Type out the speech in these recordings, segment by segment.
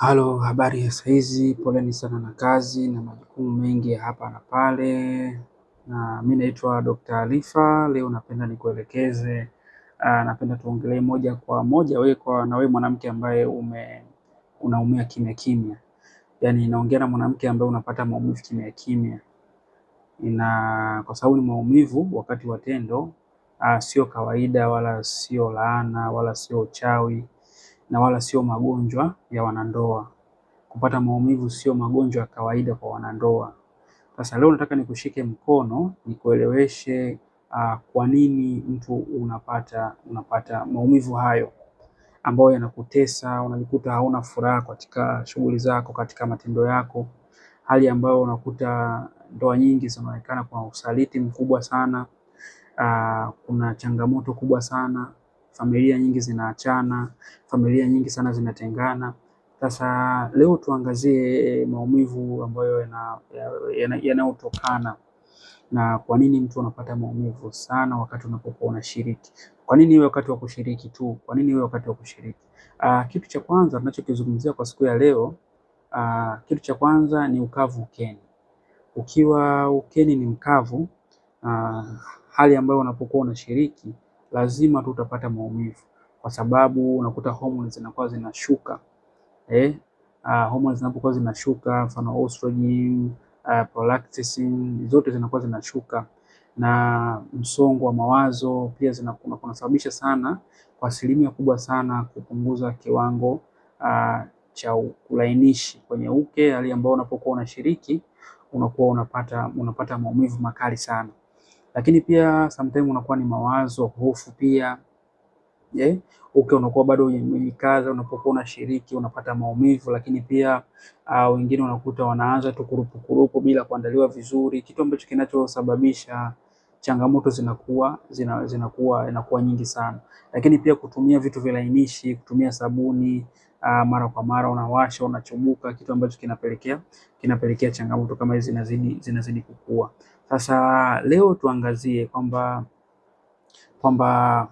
Halo, habari ya saizi, poleni sana na kazi na majukumu mengi ya hapa na pale. Na mimi naitwa Dr. Alifa. Leo napenda nikuelekeze, ah, napenda tuongelee moja kwa moja wewe kwa na wewe mwanamke ambaye ume unaumia kimya kimya, yaani inaongea na mwanamke ambaye unapata maumivu kimya kimya, na kwa sababu ni maumivu wakati wa tendo, ah, sio kawaida wala sio laana wala sio uchawi na wala sio magonjwa ya wanandoa. Kupata maumivu sio magonjwa ya kawaida kwa wanandoa. Sasa leo nataka nikushike mkono nikueleweshe uh, kwa nini mtu unapata unapata maumivu hayo ambayo yanakutesa, unajikuta hauna furaha katika shughuli zako, katika matendo yako, hali ambayo unakuta ndoa nyingi zinaonekana kuna usaliti mkubwa sana. Uh, kuna changamoto kubwa sana familia nyingi zinaachana, familia nyingi sana zinatengana. Sasa leo tuangazie eh, maumivu ambayo yanayotokana na kwa nini mtu anapata maumivu sana wakati unapokuwa unashiriki. Kwa nini iwe wakati wa kushiriki tu? Kwa nini iwe wakati wa kushiriki? Aa, ah, kitu cha kwanza tunachokizungumzia kwa siku ya leo aa, ah, kitu cha kwanza ni ukavu ukeni. Ukiwa ukeni ni mkavu aa, ah, hali ambayo unapokuwa unashiriki lazima tu utapata maumivu, kwa sababu unakuta homoni zinakuwa zinashuka eh? Uh, ah, homoni zinapokuwa zinashuka mfano estrogen, uh, prolactin zote zinakuwa zinashuka na msongo wa mawazo pia zinakuna, kunasababisha sana kwa asilimia kubwa sana kupunguza kiwango uh, cha ulainishi kwenye uke, hali ambayo unapokuwa unashiriki unakuwa unapata, unapata maumivu makali sana lakini pia sometimes unakuwa ni mawazo, hofu pia yeah. Okay, unakuwa bado umejikaza, unapokuwa unashiriki unapata maumivu, lakini pia uh, wengine unakuta wanaanza tu kurupu kurupu bila kuandaliwa vizuri, kitu ambacho kinachosababisha changamoto zinakuwa zina, zinakuwa inakuwa nyingi sana, lakini pia kutumia vitu vilainishi, kutumia sabuni uh, mara kwa mara unawasha, unachubuka, kitu ambacho kinapelekea kinapelekea changamoto kama hizi zinazidi zinazidi kukua. Sasa leo tuangazie kwamba kwamba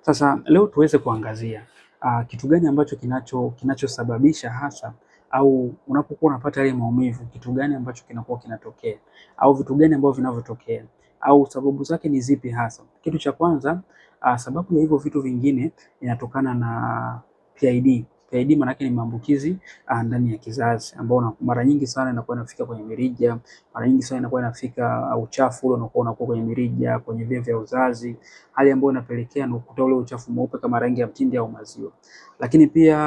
sasa leo tuweze kuangazia uh, kitu gani ambacho kinacho kinachosababisha hasa au unapokuwa unapata yale maumivu, kitu gani ambacho kinakuwa kinatokea au vitu gani ambavyo vinavyotokea au sababu zake ni zipi hasa? Kitu cha kwanza, uh, sababu ya hivyo vitu vingine inatokana na PID PID maana yake ni maambukizi ah, ndani ya kizazi ambao mara nyingi sana inakuwa inafika kwenye mirija, mara nyingi sana inakuwa inafika ah, uchafu ule unakuwa unakuwa kwenye mirija, kwenye via vya uzazi, hali ambayo inapelekea na ukuta ule uchafu mweupe kama rangi ya mtindi au maziwa. Lakini pia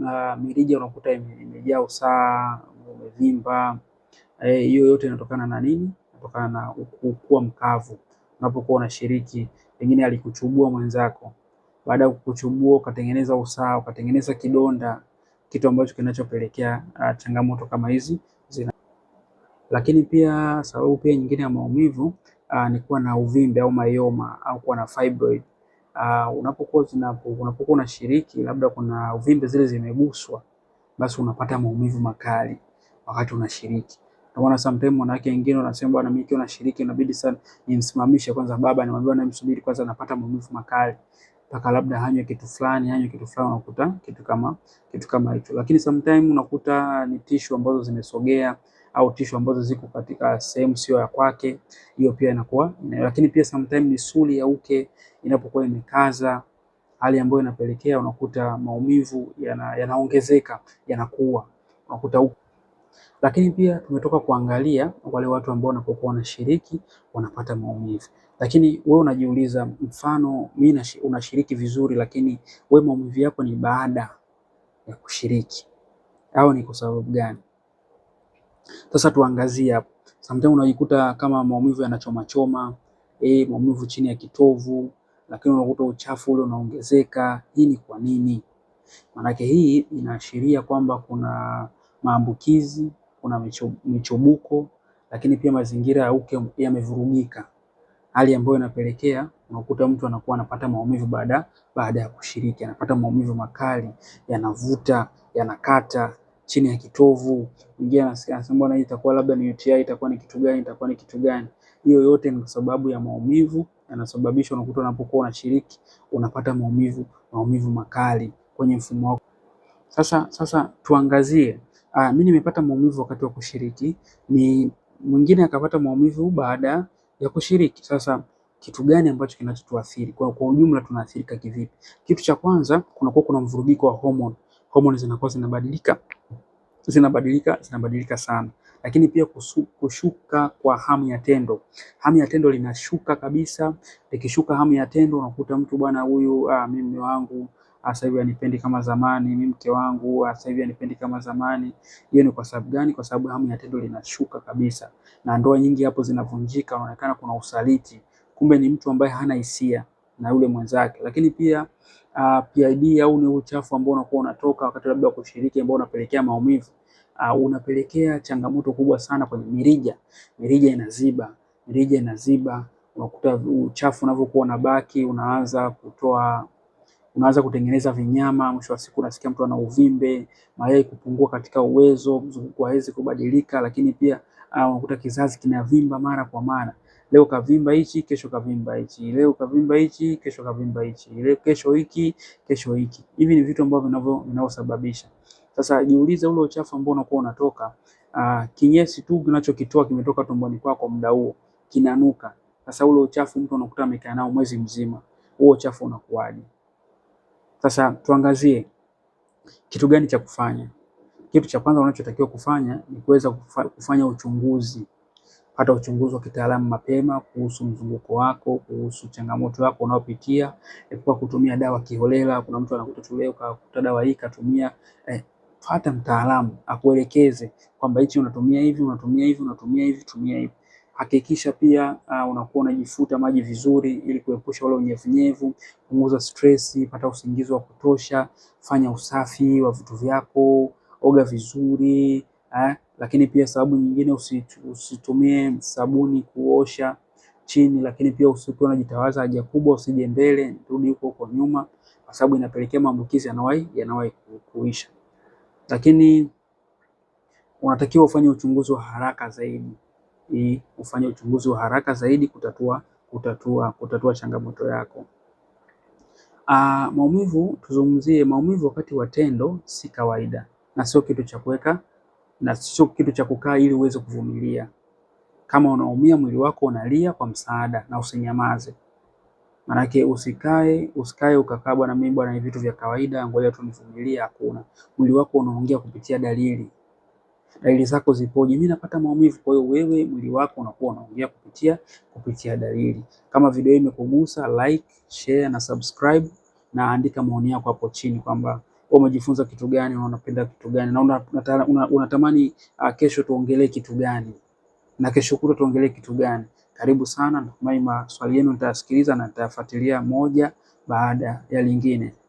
uh, mirija unakuta imejaa usaa umevimba. Eh, hiyo e, yote inatokana na nini? Inatokana na kuwa mkavu unapokuwa unashiriki, pengine alikuchubua mwenzako baada ya kukuchubua ukatengeneza usaha ukatengeneza kidonda, kitu ambacho kinachopelekea ah, changamoto kama hizi zina. Lakini pia sababu pia nyingine ya maumivu uh, ni kuwa na uvimbe au mayoma au kuwa na fibroid uh, unapokuwa unapokuwa unashiriki labda kuna uvimbe zile zimeguswa, basi unapata maumivu makali wakati unashiriki. Ndio maana sometimes wanawake wengine wanasema bwana, mimi nikiwa nashiriki inabidi sana nimsimamishe kwanza baba, nimwambie na msubiri kwanza, napata maumivu makali mpaka labda anywe kitu fulani, hanywe kitu fulani, unakuta kitu kama kitu kama hicho. Lakini sometimes unakuta ni tishu ambazo zimesogea au tishu ambazo ziko katika sehemu sio ya kwake, hiyo pia inakuwa. Lakini pia sometimes misuli ya uke inapokuwa imekaza, hali ambayo inapelekea unakuta maumivu yanaongezeka, yana yanakuwa unakuta uke lakini pia tumetoka kuangalia wale watu ambao wanapokuwa wanashiriki wanapata maumivu. Lakini wewe unajiuliza, mfano mimi unashiriki vizuri, lakini wewe maumivu yako ni baada ya kushiriki au ni kwa sababu gani? Sasa tuangazie hapo. Sometimes unajikuta kama maumivu yanachomachoma, eh, maumivu chini ya kitovu, lakini unakuta uchafu ule unaongezeka. Hii ni kwa nini? Maanake hii inaashiria kwamba kuna maambukizi, kuna michubuko, lakini pia mazingira ya uke yamevurugika, hali ambayo inapelekea unakuta mtu anakuwa anapata maumivu baada baada ya kushiriki, anapata maumivu makali, yanavuta, yanakata chini ya kitovu. Mwingine anasema bwana, hii itakuwa labda ni UTI, itakuwa ni kitu gani, itakuwa ni kitu gani? Hiyo yote ni kwa sababu ya maumivu yanasababishwa, unakuta unapokuwa unashiriki unapata maumivu maumivu makali kwenye mfumo wako. Sasa sasa tuangazie ah, mimi nimepata maumivu wakati wa kushiriki, ni mwingine akapata maumivu baada ya kushiriki. Sasa kitu gani ambacho kinachotuathiri kwa, kwa ujumla tunaathirika kivipi? Kitu cha kwanza kunakuwa kuna mvurugiko wa homoni. Homoni zinakuwa zinabadilika zinabadilika zinabadilika sana, lakini pia kusu, kushuka kwa hamu ya tendo. Hamu ya tendo linashuka kabisa. Likishuka hamu ya tendo, unakuta mtu bwana, huyu ah, mimi wangu sasa hivi anipendi kama zamani, mimi mke wangu sasa hivi anipendi kama zamani. Hiyo ni kwa sababu gani? Kwa sababu hamu ya tendo linashuka kabisa, na ndoa nyingi hapo zinavunjika, unaonekana kuna usaliti, kumbe ni mtu ambaye hana hisia na yule mwenzake. Lakini pia uh, ah, PID au ni uchafu ambao unakuwa unatoka wakati labda wa kushiriki, ambao unapelekea maumivu uh, unapelekea changamoto kubwa sana kwenye mirija. Mirija inaziba, mirija inaziba, unakuta uchafu unavyokuwa unabaki, unaanza kutoa unaanza kutengeneza vinyama, mwisho wa siku unasikia mtu ana uvimbe, mayai kupungua katika uwezo, mzunguko wa kubadilika, lakini pia ah, unakuta uh, kizazi kinavimba mara kwa mara. Leo kavimba hichi, kesho kavimba hichi, leo kavimba hichi, kesho kavimba hichi, leo kesho hiki, kesho hiki. Hivi ni vitu ambavyo vinavyo vinavyosababisha. Sasa jiulize, ule uchafu ambao unakuwa unatoka uh, kinyesi tu kinachokitoa kimetoka tumboni kwako muda huo, kinanuka. Sasa ule uchafu mtu anakuta amekaa nao mwezi mzima, huo uchafu unakuwaje? Sasa tuangazie kitu gani cha kufanya. Kitu cha kwanza unachotakiwa kufanya ni kuweza kufanya uchunguzi, pata uchunguzi wa kitaalamu mapema kuhusu mzunguko wako, kuhusu changamoto yako unayopitia. Epuka kutumia dawa kiholela. Kuna mtu anakuta tu leo kakuta dawa hii katumia eh, fata mtaalamu akuelekeze kwamba hichi unatumia hivi, unatumia hivi, unatumia hivi, tumia hivi. Hakikisha pia uh, unakuwa unajifuta maji vizuri ili kuepusha ule unyevunyevu, punguza stress, pata usingizi wa kutosha, fanya usafi wa vitu vyako, oga vizuri eh. Lakini pia sababu nyingine usitumie sabuni kuosha chini, lakini pia usipokuwa unajitawaza haja kubwa usije mbele, rudi huko huko nyuma, kwa sababu inapelekea maambukizi yanawahi yanawahi kuisha. Lakini unatakiwa ufanye uchunguzi wa haraka zaidi ili ufanye uchunguzi wa haraka zaidi kutatua, kutatua, kutatua changamoto yako. Aa, ah, maumivu tuzungumzie maumivu wakati wa tendo si kawaida na sio kitu cha kuweka na sio kitu cha kukaa ili uweze kuvumilia. Kama unaumia mwili wako unalia kwa msaada na usinyamaze. Manake usikae usikae ukakaa bwana, mimi bwana, ni vitu vya kawaida, ngoja tu nivumilie. Hakuna, mwili wako unaongea kupitia dalili dalili zako zipoje, mimi napata maumivu. Kwa hiyo wewe mwili wako unakuwa unaongea kupitia kupitia dalili. Kama video hii imekugusa, like, share na subscribe, na andika maoni yako hapo chini kwamba umejifunza kitu gani, unapenda kitu gani, na unatamani una, una, una uh, kesho tuongelee kitu gani, na kesho kutwa tuongelee kitu gani. Karibu sana, natumai maswali yenu nitayasikiliza na nitayafuatilia moja baada ya lingine.